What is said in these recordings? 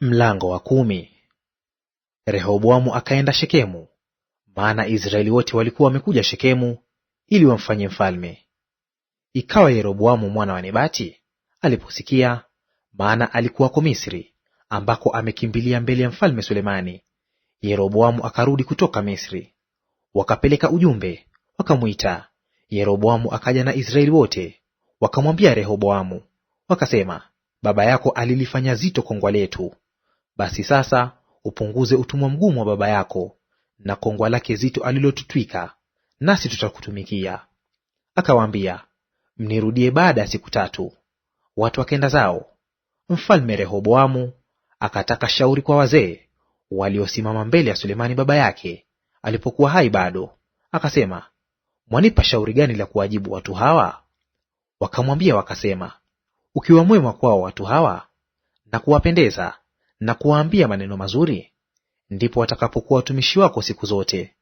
Mlango wa kumi. Rehoboamu akaenda Shekemu, maana Israeli wote walikuwa wamekuja Shekemu ili wamfanye mfalme. Ikawa Yeroboamu mwana wa Nebati aliposikia, maana alikuwako Misri, ambako amekimbilia mbele ya mfalme Sulemani, Yeroboamu akarudi kutoka Misri. Wakapeleka ujumbe wakamwita Yeroboamu, akaja na Israeli wote, wakamwambia Rehoboamu wakasema, baba yako alilifanya zito kongwa letu basi sasa upunguze utumwa mgumu wa baba yako na kongwa lake zito alilotutwika, nasi tutakutumikia. Akawaambia, mnirudie baada ya siku tatu. Watu wakenda zao. Mfalme Rehoboamu akataka shauri kwa wazee waliosimama mbele ya Sulemani baba yake alipokuwa hai bado, akasema, mwanipa shauri gani la kuwajibu watu hawa? Wakamwambia wakasema, ukiwa mwema kwao watu hawa na kuwapendeza, na kuwaambia maneno mazuri, ndipo watakapokuwa watumishi wako siku zote.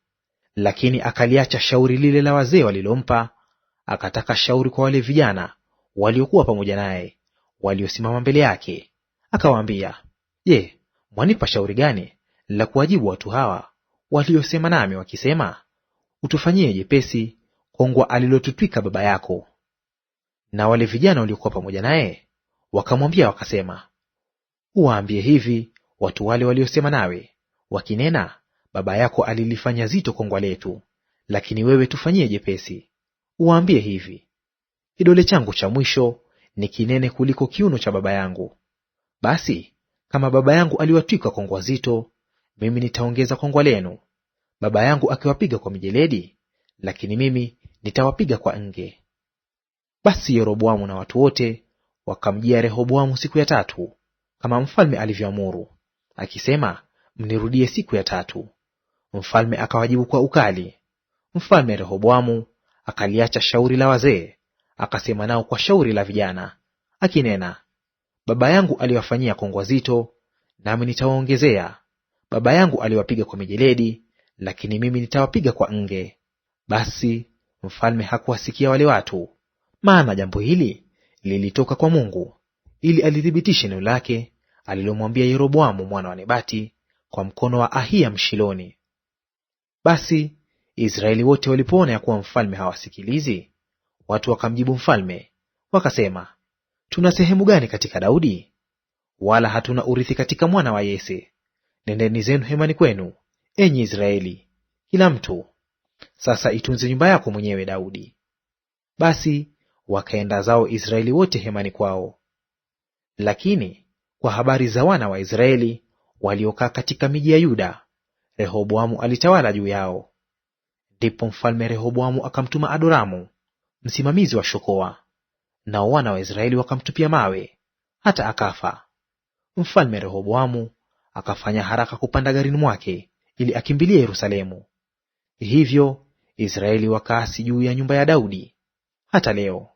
Lakini akaliacha shauri lile la wazee walilompa, akataka shauri kwa wale vijana waliokuwa pamoja naye, waliosimama mbele yake, akawaambia, Je, mwanipa shauri gani la kuwajibu watu hawa waliosema nami wakisema, utufanyie jepesi kongwa alilotutwika baba yako? Na wale vijana waliokuwa pamoja naye wakamwambia wakasema, Uwaambie hivi watu wale waliosema nawe wakinena, baba yako alilifanya zito kongwa letu, lakini wewe tufanyie jepesi. Uwaambie hivi, kidole changu cha mwisho ni kinene kuliko kiuno cha baba yangu. Basi kama baba yangu aliwatwika kongwa zito, mimi nitaongeza kongwa lenu. Baba yangu akiwapiga kwa mijeledi, lakini mimi nitawapiga kwa nge. Basi Yeroboamu na watu wote wakamjia Rehoboamu siku ya tatu kama mfalme alivyoamuru, akisema, mnirudie siku ya tatu. Mfalme akawajibu kwa ukali. Mfalme Rehoboamu akaliacha shauri la wazee, akasema nao kwa shauri la vijana, akinena, baba yangu aliwafanyia kongwa zito, nami nitawaongezea. Baba yangu aliwapiga kwa mijeledi, lakini mimi nitawapiga kwa nge. Basi mfalme hakuwasikia wale watu, maana jambo hili lilitoka kwa Mungu, ili alithibitishe neno lake alilomwambia Yeroboamu mwana wa Nebati kwa mkono wa ahia Mshiloni. Basi Israeli wote walipoona ya kuwa mfalme hawasikilizi, watu wakamjibu mfalme wakasema, tuna sehemu gani katika Daudi? Wala hatuna urithi katika mwana wa Yese. Nendeni zenu hemani kwenu, enyi Israeli, kila mtu sasa itunze nyumba yako mwenyewe Daudi. Basi wakaenda zao Israeli wote hemani kwao. Lakini kwa habari za wana wa Israeli waliokaa katika miji ya Yuda, Rehoboamu alitawala juu yao. Ndipo mfalme Rehoboamu akamtuma Adoramu msimamizi wa shokoa, nao wana wa Israeli wakamtupia mawe hata akafa. Mfalme Rehoboamu akafanya haraka kupanda garini mwake ili akimbilie Yerusalemu. Hivyo Israeli wakaasi juu ya nyumba ya Daudi hata leo.